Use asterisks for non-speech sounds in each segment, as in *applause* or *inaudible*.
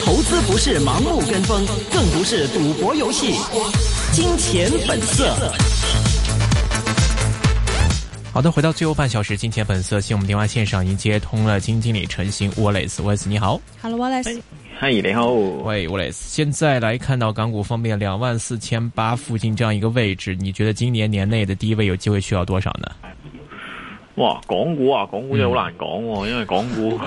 投資不是盲目跟風，更不是賭博遊戲。金錢本色。好的，回到最後半小時，金錢本色，現我們電話線上已經接通了基金經理陳昕。Wallace，Wallace 你好。Hello，Wallace。h 嗨，你好。Hello, Hi，好喂，Wallace。現在來看到港股方面兩萬四千八附近這樣一個位置，你覺得今年年內的低位有機會需要多少呢？哇，港股啊，港股真係好難講，哦，嗯、因為港股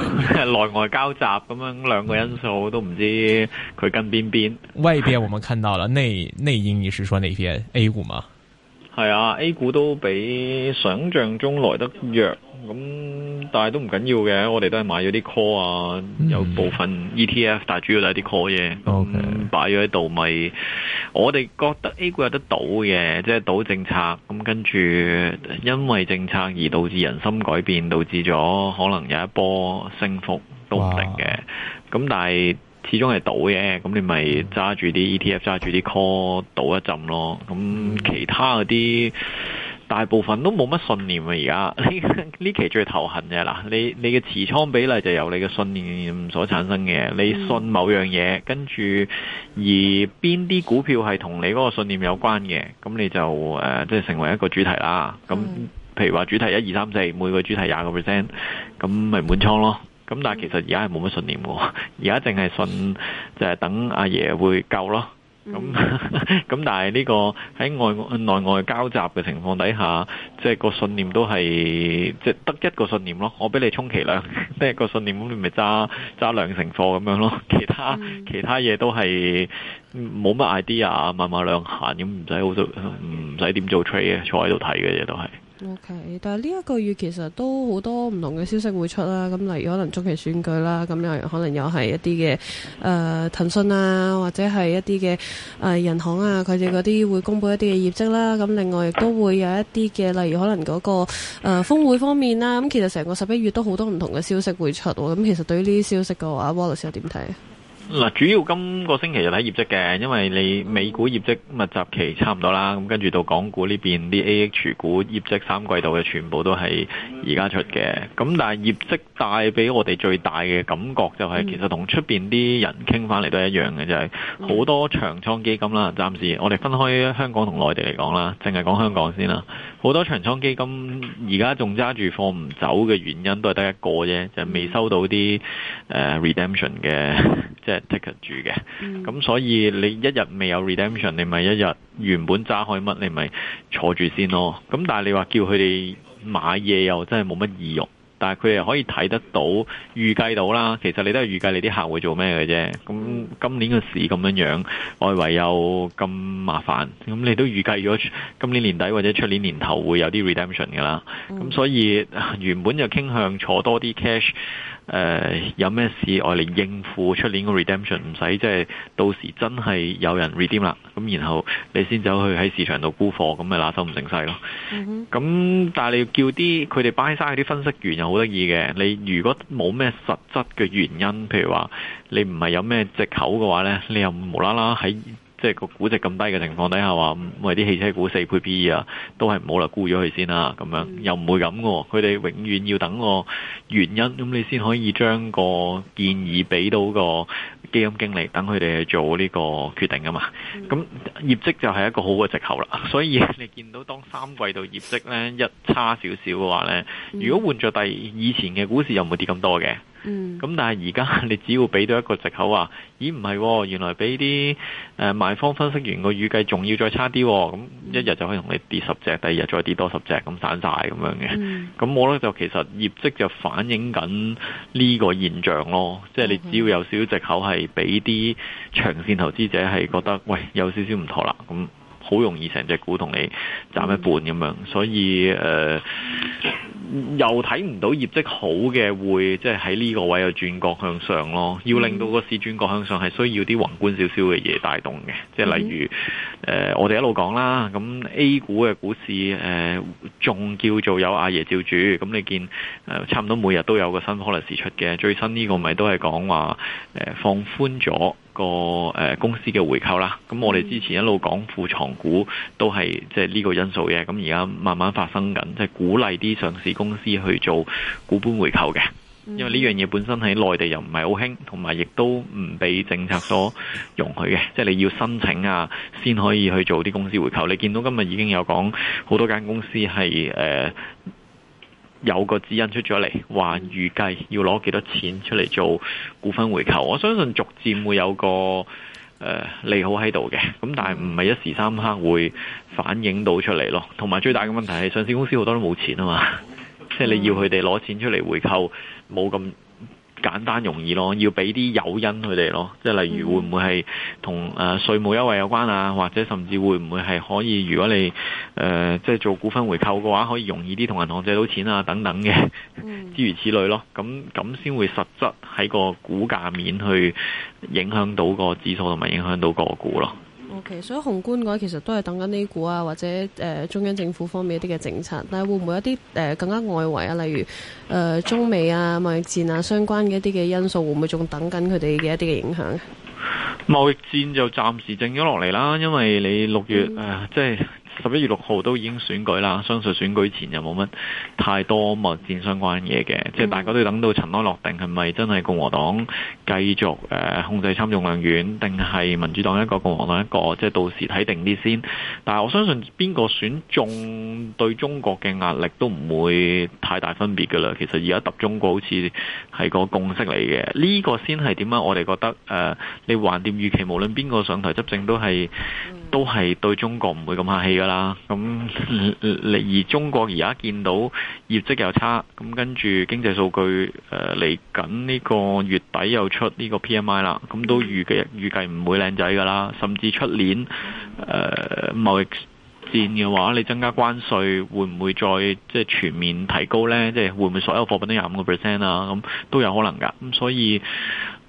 內 *laughs* 外交集咁樣兩個因素都邊邊，都唔知佢跟邊邊。外邊，我們看到了內內因，你 *laughs* 是說那邊 A 股嗎？係啊，A 股都比想象中來得弱咁。但係都唔緊要嘅，我哋都係買咗啲 call 啊，有部分 ETF，但係主要都係啲 call 嘅，咁 Okay.、嗯、擺咗喺度咪。我哋覺得 A 股有得賭嘅，即係賭政策。咁跟住因為政策而導致人心改變，導致咗可能有一波升幅都唔定嘅。咁哇、嗯、但係始終係賭嘅，咁你咪揸住啲 ETF，揸住啲 call 賭一陣咯。咁、嗯嗯、其他嗰啲。大部分都冇乜信念啊！而家呢期最頭痕嘅啦，你你嘅持倉比例就由你嘅信念所產生嘅。你信某樣嘢，跟住而邊啲股票係同你嗰個信念有關嘅，咁你就誒、呃、即係成為一個主題啦。咁譬如話主題一二三四，每個主題廿個 percent，咁咪滿倉咯。咁但係其實而家係冇乜信念嘅，而家淨係信就係等阿爺會救咯。咁咁，但係呢個喺外內外交集嘅情況底下，即係個信念都係即係得一個信念咯。我俾你充其量，即係個信念咁，你咪揸揸兩成貨咁樣咯。其他其他嘢都係冇乜 idea，啊，麻麻兩閒咁，唔使好做，唔使點做 trade 嘅，坐喺度睇嘅嘢都係。O、okay, K，但係呢一個月其實都好多唔同嘅消息會出啦。咁例如可能中期選舉啦，咁又可能又係一啲嘅誒騰訊啊，或者係一啲嘅誒銀行啊，佢哋嗰啲會公布一啲嘅業績啦。咁另外亦都會有一啲嘅，例如可能嗰、那個誒、呃、峰會方面啦。咁其實成個十一月都好多唔同嘅消息會出、啊。咁其實對於呢啲消息嘅話，Wallace 又點睇？嗱，主要今個星期就睇業績嘅，因為你美股業績密集期差唔多啦，咁跟住到港股呢邊啲 AH 股業績三季度嘅全部都係而家出嘅，咁但係業績帶俾我哋最大嘅感覺就係，其實同出邊啲人傾翻嚟都係一樣嘅，就係好多長倉基金啦，暫時我哋分開香港同內地嚟講啦，淨係講香港先啦。好多長倉基金而家仲揸住貨唔走嘅原因都係得一個啫，就未收到啲誒 redemption 嘅，即係 ticket 住嘅。咁所以你一日未有 redemption，你咪一日原本揸開乜，你咪坐住先咯。咁但係你話叫佢哋買嘢又真係冇乜意欲。但係佢哋可以睇得到，預計到啦。其實你都係預計你啲客會做咩嘅啫。咁今年嘅事咁樣樣，外圍又咁麻煩，咁你都預計咗今年年底或者出年年頭會有啲 redemption 噶啦。咁所以原本就傾向坐多啲 cash。誒、呃、有咩事我嚟應付出年個 redemption，唔使即係到時真係有人 redeem 啦，咁然後你先走去喺市場度沽貨，咁咪拿手唔成世咯。咁、mm hmm. 嗯、但係你要叫啲佢哋擺晒啲分析員又好得意嘅，你如果冇咩實質嘅原因，譬如話你唔係有咩藉口嘅話呢，你又無啦啦喺。即係個估值咁低嘅情況底下，話為啲汽車股四倍 PE 啊，都係唔好啦，沽咗佢先啦，咁樣又唔會咁嘅，佢哋永遠要等個原因，咁你先可以將個建議俾到個基金經理，等佢哋去做呢個決定㗎嘛。咁、嗯、業績就係一個好嘅藉口啦，所以你見到當三季度業績呢一差少少嘅話呢，如果換咗第以前嘅股市又唔會跌咁多嘅？嗯，咁但係而家你只要俾到一個藉口話，咦唔係、喎，原來俾啲誒賣方分析員個預計仲要再差啲、喎，咁一日就可以同你跌十隻，第二日再跌多十隻，咁散晒。咁樣嘅。咁我呢就其實業績就反映緊呢個現象咯，即係你只要有少少藉口係俾啲長線投資者係覺得，嗯、喂有少少唔妥啦咁。好容易成隻股同你斬一半咁樣，所以誒、呃、又睇唔到業績好嘅，會即係喺呢個位又轉角向上咯。要令到個市轉角向上係需要啲宏觀少少嘅嘢帶動嘅，即係例如誒、呃、我哋一路講啦，咁 A 股嘅股市誒仲、呃、叫做有阿爺照住，咁你見誒、呃、差唔多每日都有個新 policy 出嘅，最新呢個咪都係講話誒放寬咗。個誒公司嘅回購啦，咁我哋之前一路講庫藏股都係即係呢個因素嘅，咁而家慢慢發生緊，即係鼓勵啲上市公司去做股本回購嘅，因為呢樣嘢本身喺內地又唔係好興，同埋亦都唔畀政策所容許嘅，即係你要申請啊，先可以去做啲公司回購。你見到今日已經有講好多間公司係誒。有個指引出咗嚟，話預計要攞幾多錢出嚟做股份回購，我相信逐漸會有個誒、呃、利好喺度嘅，咁但係唔係一時三刻會反映到出嚟咯，同埋最大嘅問題係上市公司好多都冇錢啊嘛，即係你要佢哋攞錢出嚟回購，冇咁簡單容易咯，要俾啲誘因佢哋咯，即係例如會唔會係同誒稅務優惠有關啊，或者甚至會唔會係可以，如果你誒、呃、即係做股份回購嘅話，可以容易啲同銀行借到錢啊等等嘅，諸如此類咯。咁咁先會實質喺個股價面去影響到個指數同埋影響到個股咯。O K，所以宏觀嘅話，okay. so，其實都係等緊 A 股啊，或者誒、呃、中央政府方面一啲嘅政策。但係會唔會一啲誒、呃、更加外圍啊，例如誒、呃、中美啊、貿易戰啊相關嘅一啲嘅因素，會唔會仲等緊佢哋嘅一啲嘅影響？貿易戰就暫時靜咗落嚟啦，因為你六月誒、嗯呃、即係。十一月六號都已經選舉啦，相信選舉前就冇乜太多貿戰相關嘢嘅，即係、嗯、大家都等到塵埃落定，係咪真係共和黨繼續誒控制參眾兩院，定係民主黨一個共和黨一個？即係、就是、到時睇定啲先。但係我相信邊個選中對中國嘅壓力都唔會太大分別嘅啦。其實而家揼中國好似係個共識嚟嘅，呢、這個先係點樣？我哋覺得誒、呃，你橫掂預期，無論邊個上台執政都係。嗯都係對中國唔會咁客氣噶啦，咁而中國而家見到業績又差，咁跟住經濟數據嚟緊呢個月底又出呢個 PMI 啦，咁都預計預計唔會靚仔噶啦，甚至出年誒、呃、貿易戰嘅話，你增加關稅會唔會再即係、就是、全面提高呢？即、就、係、是、會唔會所有貨品都廿五個 percent 啊？咁都有可能噶，咁所以。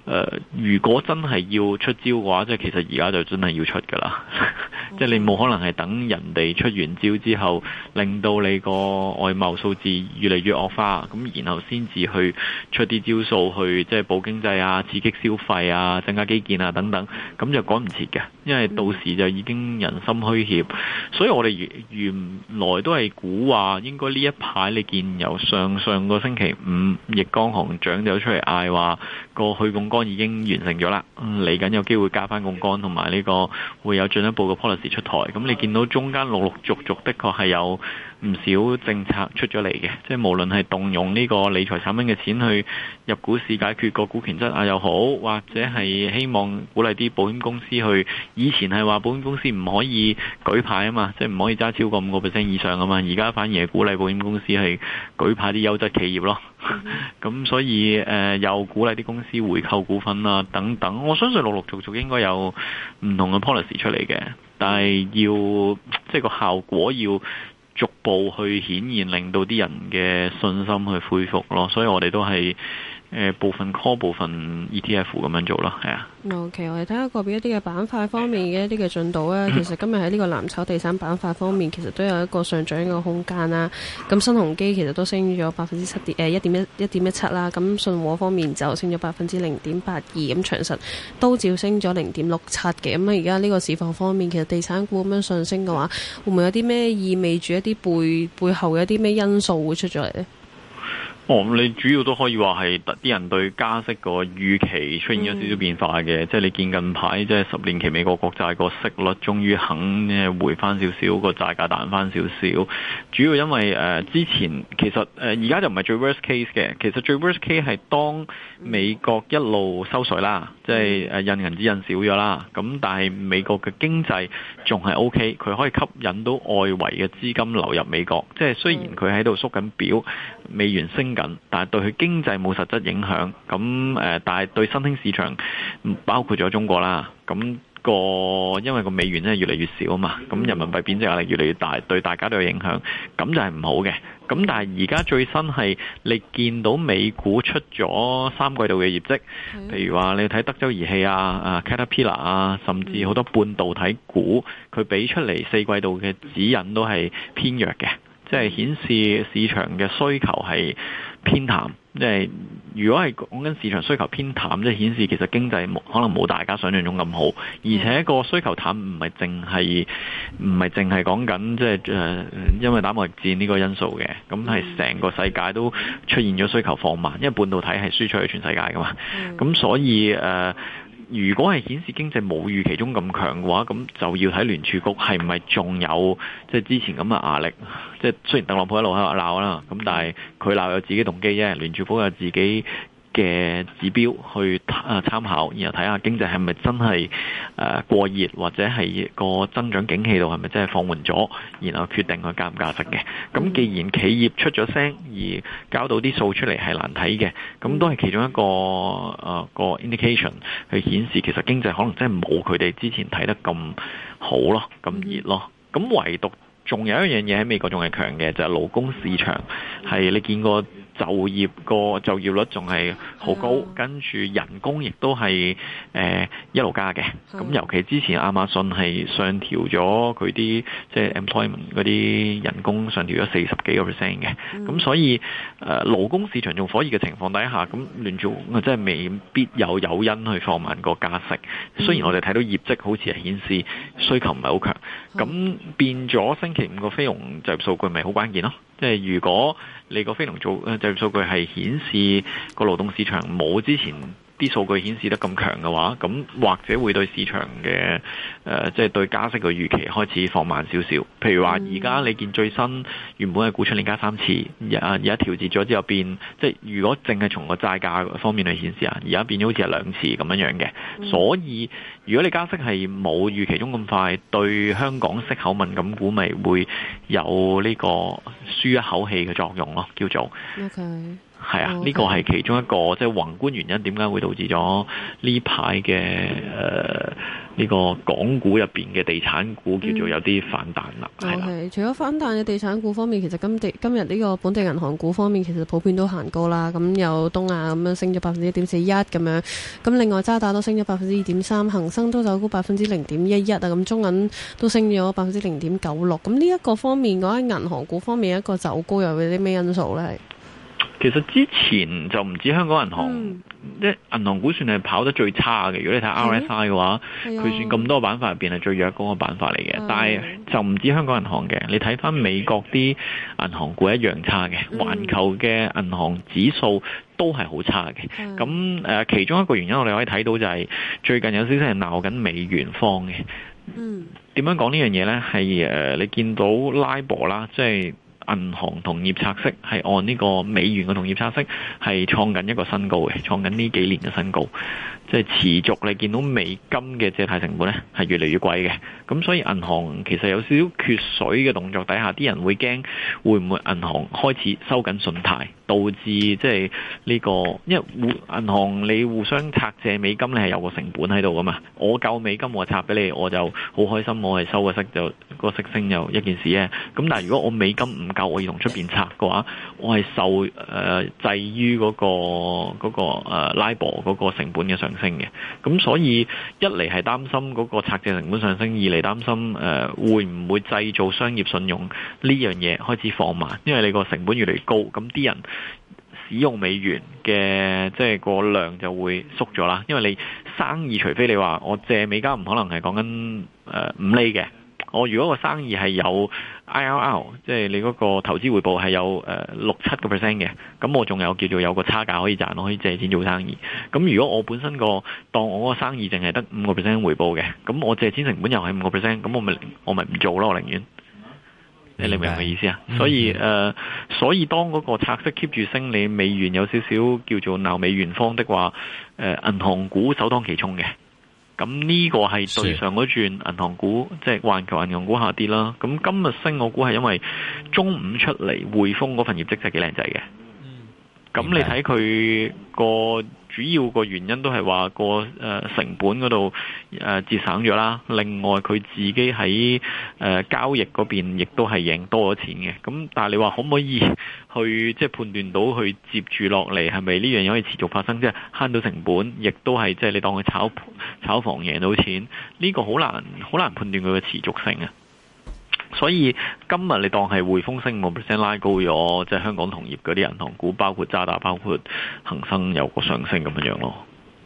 呃、如果真係要出招嘅話，即係其實而家就真係要出噶啦。 *laughs* 即係你冇可能係等人哋出完招之後，令到你個外貿數字越嚟越惡化，咁然後先至去出啲招數去，即係保經濟啊、刺激消費啊、增加基建啊等等，咁就趕唔切嘅，因為到時就已經人心虛怯。所以我哋原原來都係估話，應該呢一排你見由上上個星期五易綱行長就出嚟嗌話。個去槓桿已經完成咗啦，嚟、嗯、緊有機會加翻槓桿，同埋呢個會有進一步嘅 policy 出台。咁你見到中間陸陸續續的確係有。唔少政策出咗嚟嘅，即係無論係動用呢個理財產品嘅錢去入股市解決個股權質押又好，或者係希望鼓勵啲保險公司去，以前係話保險公司唔可以舉牌啊嘛，即係唔可以揸超過五個 percent 以上啊嘛，而家反而係鼓勵保險公司去舉牌啲優質企業咯。咁 *laughs* *laughs* 所以誒、呃、又鼓勵啲公司回購股份啦，啊、等等，我相信陸陸續續應該有唔同嘅 policy 出嚟嘅，但係要即係個效果要。逐步去顯現，令到啲人嘅信心去恢復咯，所以我哋都係。誒、呃、部分 call 部分 ETF 咁樣做咯，係啊。OK，我哋睇下個別一啲嘅板塊方面嘅一啲嘅進度啊。其實今日喺呢個藍籌地產板塊方面，其實都有一個上漲嘅空間啦。咁新鴻基其實都升咗百分之七點誒一點一一點一七啦。咁信和方面就升咗百分之零點八二，咁長實都照升咗零點六七嘅。咁啊，而家呢個市況方面，其實地產股咁樣上升嘅話，會唔會有啲咩意味住一啲背背後嘅一啲咩因素會出咗嚟咧？哦，你主要都可以話係啲人對加息個預期出現咗少少變化嘅，即係你見近排即係十年期美國國債個息率終於肯回翻少少，個債價彈翻少少。主要因為誒之前其實誒而家就唔係最 worst case 嘅，其實最 worst case 係當美國一路收水啦，即係誒印銀紙印少咗啦。咁但係美國嘅經濟仲係 OK，佢可以吸引到外圍嘅資金流入美國。即係雖然佢喺度縮緊表，美元升。但係對佢經濟冇實質影響，咁誒，但係對新興市場，包括咗中國啦，咁個因為個美元咧越嚟越少啊嘛，咁人民幣貶值壓力越嚟越大，對大家都有影響，咁就係唔好嘅。咁但係而家最新係你見到美股出咗三季度嘅業績，譬如話你睇德州儀器啊、啊 Caterpillar 啊，甚至好多半導體股，佢俾出嚟四季度嘅指引都係偏弱嘅，即係顯示市場嘅需求係偏淡，即係如果係講緊市場需求偏淡，即係顯示其實經濟冇可能冇大家想象中咁好，而且個需求淡唔係淨係唔係淨係講緊即係，誒因為打貿易戰呢個因素嘅，咁係成個世界都出現咗需求放慢，因為半導體係輸出去全世界噶嘛，咁所以誒。呃如果係顯示經濟冇預期中咁強嘅話，咁就要睇聯儲局係唔係仲有即係之前咁嘅壓力。即係雖然特朗普一路喺度鬧啦，咁但係佢鬧有自己動機啫，聯儲局有自己。嘅指標去啊參考，然後睇下經濟係咪真係誒、啊、過熱，或者係個增長景氣度係咪真係放緩咗，然後決定佢加唔加息嘅。咁既然企業出咗聲，而搞到啲數出嚟係難睇嘅，咁都係其中一個啊個 indication 去顯示其實經濟可能真係冇佢哋之前睇得咁好咯，咁熱咯。咁唯獨仲有一樣嘢喺美國仲係強嘅，就係、是、勞工市場係你見過。就業個就業率仲係好高，跟住的人工亦都係誒一路加嘅。咁的尤其之前亞馬遜係上調咗佢啲即係、就是、employment 嗰啲人工上調咗四十幾個 percent 嘅。咁的所以誒、呃、勞工市場仲火熱嘅情況底下，咁聯儲啊真係未必有誘因去放慢個加息。雖然我哋睇到業績好似係顯示需求唔係好強。咁變咗星期五個非農就業數據，咪好關鍵咯？即係如果你個非農做就業數據係顯示個勞動市場冇之前。啲數據顯示得咁強嘅話，咁或者會對市場嘅誒，即、呃、係、就是、對加息嘅預期開始放慢少少。譬如話，而家你見最新原本係估出連加三次，而家調節咗之後變，即係如果淨係從個債價方面去顯示啊，而家變咗好似係兩次咁樣樣嘅。所以如果你加息係冇預期中咁快，對香港息口敏感股咪會有呢個舒一口氣嘅作用咯，叫做。Okay. 係啊，呢個係其中一個即係、就是、宏觀原因，點解會導致咗呢排嘅，誒呢個港股入邊嘅地產股叫做有啲反彈啦。係、嗯哦啊、除咗反彈嘅地產股方面，其實今地今日呢個本地銀行股方面，其實普遍都行高啦。咁有東亞咁樣升咗百分之一點四一咁樣，咁另外渣打都升咗百分之二點三，恒生都走高百分之零點一一啊，咁中銀都升咗百分之零點九六。咁呢一個方面，我喺銀行股方面一個走高，又有啲咩因素咧？其實之前就唔止香港銀行，嗯、即係銀行股算係跑得最差嘅。如果你睇 RSI 嘅話，佢、欸、算咁多板塊入邊係最弱嗰個板塊嚟嘅。嗯、但係就唔止香港銀行嘅，你睇翻美國啲銀行股一樣差嘅，環、嗯、球嘅銀行指數都係好差嘅。咁誒、嗯呃，其中一個原因我哋可以睇到就係、是、最近有少少係鬧緊美元方嘅。點、嗯、樣講呢樣嘢呢？係誒、呃，你見到拉博啦，即係。銀行同業拆息係按呢個美元嘅同業拆息係創緊一個新高嘅，創緊呢幾年嘅新高，即係持續你見到美金嘅借貸成本咧係越嚟越貴嘅，咁所以銀行其實有少少缺水嘅動作底下，啲人會驚會唔會銀行開始收緊信貸，導致即係呢個因為銀行你互相拆借美金，你係有個成本喺度噶嘛，我夠美金我拆俾你，我就好開心，我係收個息就個息升就一件事啊，咁但係如果我美金唔我而同出邊拆嘅話，我係受誒、呃、制於嗰、個嗰、個誒、呃、拉博嗰個成本嘅上升嘅。咁所以一嚟係擔心嗰個拆借成本上升，二嚟擔心誒、呃、會唔會製造商業信用呢樣嘢開始放慢，因為你個成本越嚟越高，咁啲人使用美元嘅即係個量就會縮咗啦。因為你生意除非你話我借美加，唔可能係講緊誒五厘嘅，我如果個生意係有。IRR，即係你嗰個投資回報係有誒六七個 percent 嘅，咁、呃、我仲有叫做有個差價可以賺，可以借錢做生意。咁如果我本身個當我個生意淨係得五個 percent 回報嘅，咁我借錢成本又係五個 percent，咁我咪我咪唔做咯，我寧願。嗯、你，你明唔明我意思啊？嗯、所以誒、呃，所以當嗰個拆息 keep 住升，你美元有少少叫做鬧美元方的話，誒、呃，銀行股首當其沖嘅。咁呢個係對上嗰轉銀行股，即係環球銀行股下跌啦。咁今日升我估係因為中午出嚟匯豐嗰份業績就係幾靚仔嘅。咁你睇佢個。主要個原因都係話個誒成本嗰度誒節省咗啦，另外佢自己喺誒、呃、交易嗰邊亦都係贏多咗錢嘅。咁但係你話可唔可以去即係判斷到佢接住落嚟係咪呢樣嘢可以持續發生即係啫？慳到成本亦都係即係你當佢炒炒房贏到錢，呢、這個好難好難判斷佢嘅持續性啊。所以今日你當係匯豐升五 percent 拉高咗，即係香港同業嗰啲銀行股，包括渣打、包括恒生有個上升咁樣咯。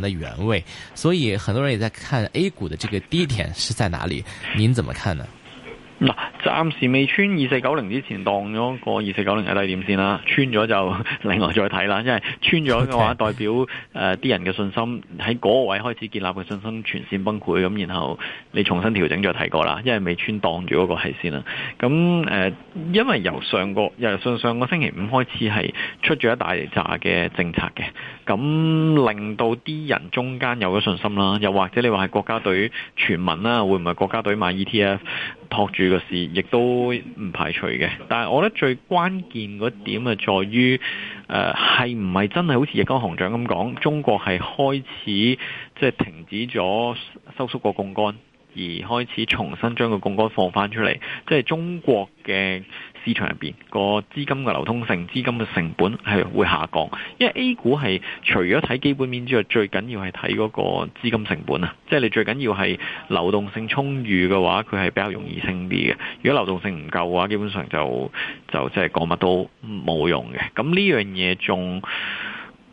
的原位。所以很多人也在看 A 股的這個低點是在哪裏，您怎麼看呢？嗱，暫時未穿二四九零之前，當咗個二四九零係低點先啦。穿咗就呵呵另外再睇啦，因為穿咗嘅話代表誒啲、呃、人嘅信心喺嗰個位開始建立嘅信心全線崩潰咁，然後你重新調整再睇過啦。因為未穿當住嗰個係先啦。咁誒、呃，因為由上個由上上個星期五開始係出咗一大扎嘅政策嘅，咁令到啲人中間有咗信心啦。又或者你話係國家隊傳聞啦，會唔會國家隊買 ETF？托住個事，亦都唔排除嘅。但係我覺得最關鍵嗰點啊，在於誒係唔係真係好似易綱行長咁講，中國係開始即係、就是、停止咗收縮個槓桿，而開始重新將個槓桿放翻出嚟，即、就、係、是、中國嘅。市場入邊個資金嘅流通性、資金嘅成本係會下降，因為 A 股係除咗睇基本面之外，最緊要係睇嗰個資金成本啊！即係你最緊要係流動性充裕嘅話，佢係比較容易升啲嘅。如果流動性唔夠嘅話，基本上就就即係講乜都冇用嘅。咁呢樣嘢仲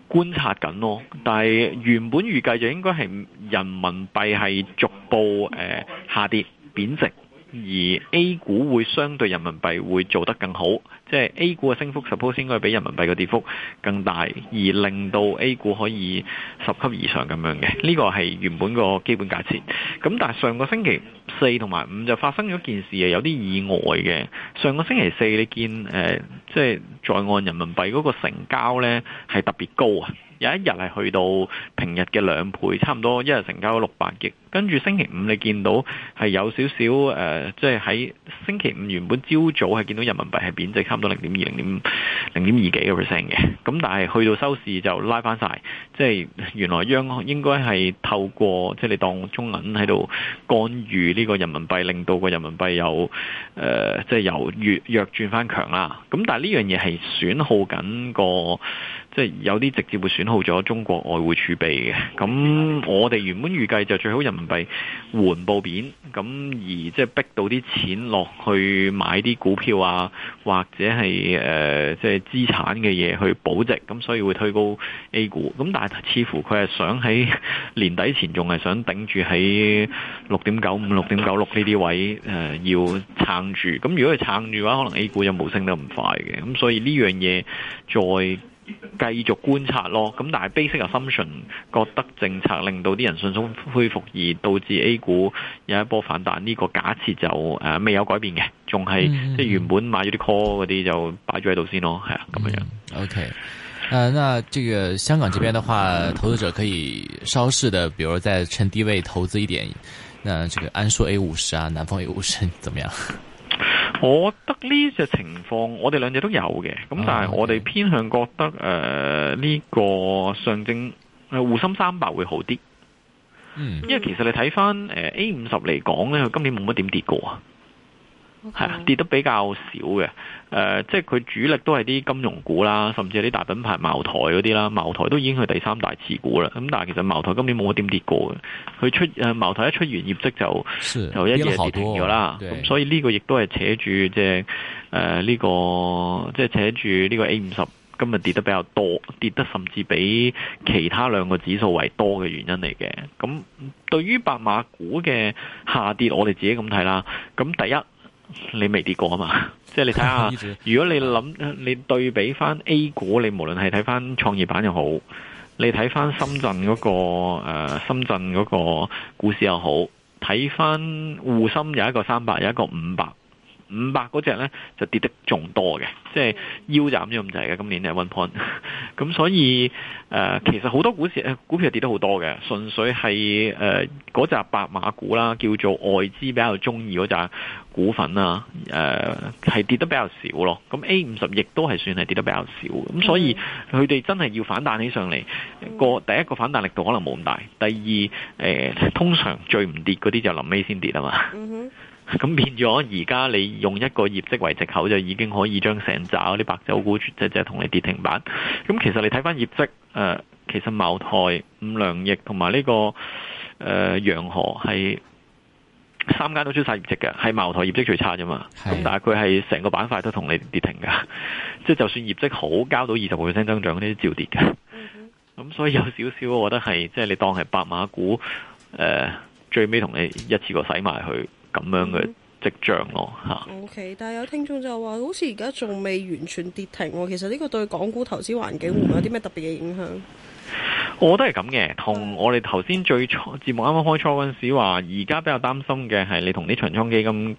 觀察緊咯，但係原本預計就應該係人民幣係逐步誒、呃、下跌、貶值。而 A 股會相對人民幣會做得更好。即係 A 股嘅升幅，suppose 應該比人民幣嘅跌幅更大，而令到 A 股可以十級以上咁樣嘅，呢、這個係原本個基本假設。咁但係上個星期四同埋五就發生咗件事啊，有啲意外嘅。上個星期四你見誒即係在岸人民幣嗰個成交咧係特別高啊，有一日係去到平日嘅兩倍，差唔多一日成交六百億。跟住星期五你見到係有少少誒即係喺星期五原本朝早係見到人民幣係貶值差唔多零點二、零點零點二幾嘅 percent 嘅，咁但係去到收市就拉翻晒，即係原來央行應該係透過即係你當中銀喺度干預呢個人民幣，令到個人民幣有誒、呃、即係由弱轉翻強啦。咁但係呢樣嘢係損耗緊個。即係有啲直接會損耗咗中國外匯儲備嘅，咁我哋原本預計就最好人民幣緩步貶，咁而即係逼到啲錢落去買啲股票啊，或者係誒、呃、即係資產嘅嘢去保值，咁所以會推高 A 股。咁但係似乎佢係想喺年底前仲係想頂住喺六點九五、六點九六呢啲位誒、呃、要撐住。咁如果係撐住嘅話，可能 A 股就冇升得咁快嘅。咁所以呢樣嘢再。繼續觀察咯，咁但係 basic assumption 覺得政策令到啲人迅速恢復，而導致 A 股有一波反彈呢個假設就誒、呃、未有改變嘅，仲係、嗯、即係原本買咗啲 call 嗰啲就擺咗喺度先咯，係啊咁樣、嗯。OK，誒、呃，那呢個香港這邊嘅話，投資者可以稍事嘅，比如再趁低位投資一點，呢這個安碩 A 五十啊，南方 A 五十，怎麼樣？我覺得呢隻情況，我哋兩隻都有嘅。咁但係我哋偏向覺得誒呢、呃這個上證誒滬深三百會好啲，嗯、因為其實你睇翻誒 A 五十嚟講咧，佢今年冇乜點跌過啊。係啊 Okay.，跌得比較少嘅，誒、呃，即係佢主力都係啲金融股啦，甚至係啲大品牌茅台嗰啲啦，茅台都已經去第三大持股啦。咁但係其實茅台今年冇點跌過嘅，佢出誒茅台一出完業績就是就一夜跌，跌停咗啦。咁對所以呢個亦都係扯住、呃這個、即係誒呢個即係扯住呢個 A 五十今日跌得比較多，跌得甚至比其他兩個指數為多嘅原因嚟嘅。咁對於白馬股嘅下跌，我哋自己咁睇啦。咁第一。你未跌過啊嘛，即係你睇下，如果你諗你對比翻 A 股，你無論係睇翻創業板又好，你睇翻深圳嗰個、那個誒、呃、深圳嗰個股市又好，睇翻滬深有一個三百，有一個五百。五百嗰隻呢，就跌得仲多嘅，即係腰斬咗咁滯嘅。今年係 one point，咁 *laughs* 所以誒、呃，其實好多股市股票跌得好多嘅，純粹係誒嗰隻白馬股啦，叫做外資比較中意嗰隻股份啦，誒、呃、係跌得比較少咯。咁 A 五十亦都係算係跌得比較少，咁所以佢哋真係要反彈起上嚟，個第一個反彈力度可能冇咁大，第二誒、呃、通常最唔跌嗰啲就臨尾先跌啊嘛。Mm hmm. 咁變咗，而家你用一個業績為藉口，就已經可以將成扎嗰啲白酒股即即係同你跌停板。咁其實你睇翻業績，誒、呃，其實茅台、五糧液同埋呢個誒洋、呃、河係三間都出晒業績嘅，係茅台業績最差啫嘛。但係佢係成個板塊都同你跌停嘅，即 *laughs* 係就算業績好，交到二十個 percent 增長呢啲，照跌嘅。咁、mm hmm. 嗯、所以有少少，我覺得係即係你當係白馬股，誒、呃，最尾同你一次過洗埋去。咁樣嘅跡象咯，嚇、嗯。啊、o、okay, K，但係有聽眾就話，好似而家仲未完全跌停喎。其實呢個對港股投資環境會唔會有啲咩特別嘅影響？我都係咁嘅，同我哋頭先最初節目啱啱開初嗰陣時話，而家比較擔心嘅係你同啲長倉基金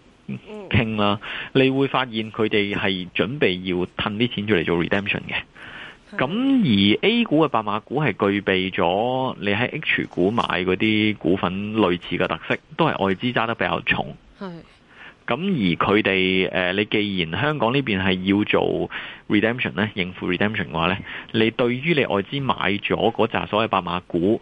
傾啦、嗯，你會發現佢哋係準備要褪啲錢出嚟做 redemption 嘅。咁而 A 股嘅白馬股係具備咗你喺 H 股買嗰啲股份類似嘅特色，都係外資揸得比較重。係是。咁而佢哋誒，你既然香港呢邊係要做 redemption 咧，應付 redemption 嘅話咧，你對於你外資買咗嗰紮所謂白馬股。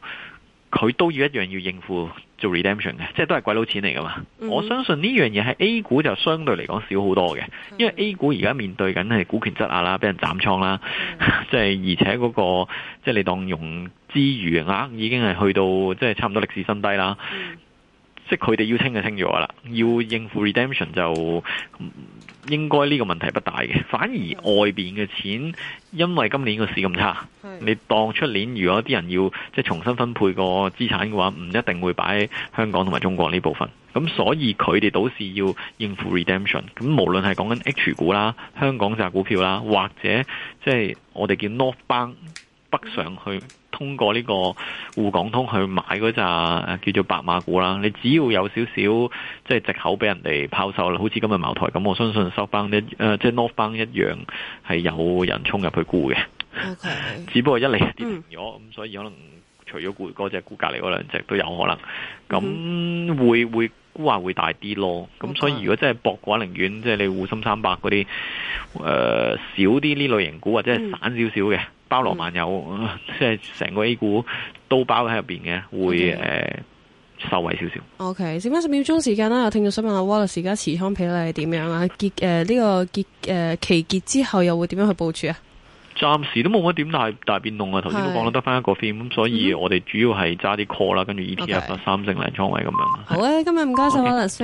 佢都要一樣要應付做 redemption 嘅，即係都係鬼佬錢嚟㗎嘛。Mm hmm. 我相信呢樣嘢係 A 股就相對嚟講少好多嘅，因為 A 股而家面對緊係股權質押啦，俾人斬倉啦，即係、mm hmm. *laughs* 而且嗰、那個即係、就是、你當融資餘額已經係去到即係、就是、差唔多歷史新低啦。Mm hmm. 即係佢哋要清就清咗啦，要應付 redemption 就應該呢個問題不大嘅。反而外邊嘅錢，因為今年個市咁差，你當出年如果啲人要即係重新分配個資產嘅話，唔一定會擺喺香港同埋中國呢部分。咁所以佢哋倒是要應付 redemption。咁無論係講緊 H 股啦、香港債股票啦，或者即係我哋叫 note bond 北上去通過呢個滬港通去買嗰隻叫做白馬股啦，你只要有少少即係藉口俾人哋拋售啦，好似今日茅台咁，我相信 Southbound 一誒、呃、即係 Southbound 一樣係有人衝入去沽嘅，Okay. 只不過一嚟跌停咗，咁、mm. 所以可能除咗沽嗰隻沽隔離嗰兩隻都有可能，咁會會。Mm. 會會估話會大啲咯，咁、嗯嗯、所以如果真係搏嘅話，寧願即係你滬深三百嗰啲，誒、呃、少啲呢類型股或者係散少少嘅，嗯、包羅萬有，即係成個 A 股都包喺入邊嘅，會誒、嗯、呃、受惠少少。O、okay, K. 剩翻十秒鐘時間啦，有聽眾想問啊，Wallace 而家持倉比例係點樣啊？結誒呢、呃這個結誒期、呃、結，結之後又會點樣去部署啊？暫時都冇乜點大大變動啊，頭先都講到得翻一個飛咁，所以我哋主要係揸啲 call 啦，跟住 ETF 啊，三成零倉位咁樣。Okay. 是好啊，今日唔該晒我哋陳昕。Okay.